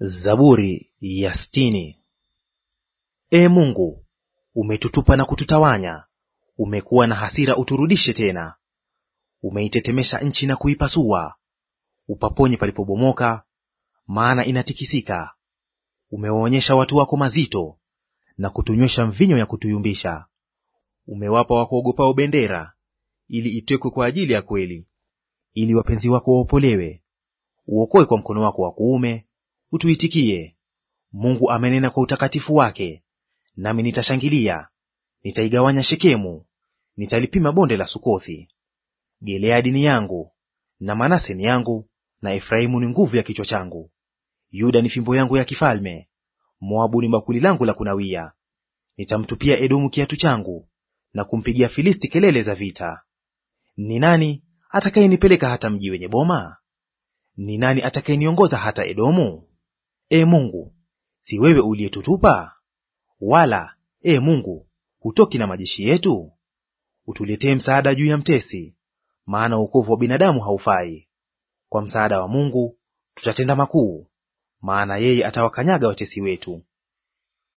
Zaburi ya sitini. E Mungu, umetutupa na kututawanya, umekuwa na hasira uturudishe tena. Umeitetemesha nchi na kuipasua, upaponye palipobomoka, maana inatikisika. Umewaonyesha watu wako mazito na kutunywesha mvinyo ya kutuyumbisha. Umewapa wakuogopao bendera, ili itekwe kwa ajili ya kweli, ili wapenzi wako waopolewe. Uokoe kwa mkono wako wa kuume utuitikie. Mungu amenena kwa utakatifu wake, nami nitashangilia, nitaigawanya Shekemu, nitalipima bonde la Sukothi. Gileadi ni yangu na Manase ni yangu, na Efraimu ni nguvu ya kichwa changu. Yuda ni fimbo yangu ya kifalme, Moabu ni bakuli langu la kunawia. Nitamtupia Edomu kiatu changu na kumpigia Filisti kelele za vita. Ni nani atakayenipeleka hata mji wenye boma? Ni nani atakayeniongoza hata Edomu? E Mungu, si wewe uliyetutupa? Wala, E Mungu, hutoki na majeshi yetu? Utuletee msaada juu ya mtesi, maana ukovu wa binadamu haufai. Kwa msaada wa Mungu tutatenda makuu, maana yeye atawakanyaga watesi wetu.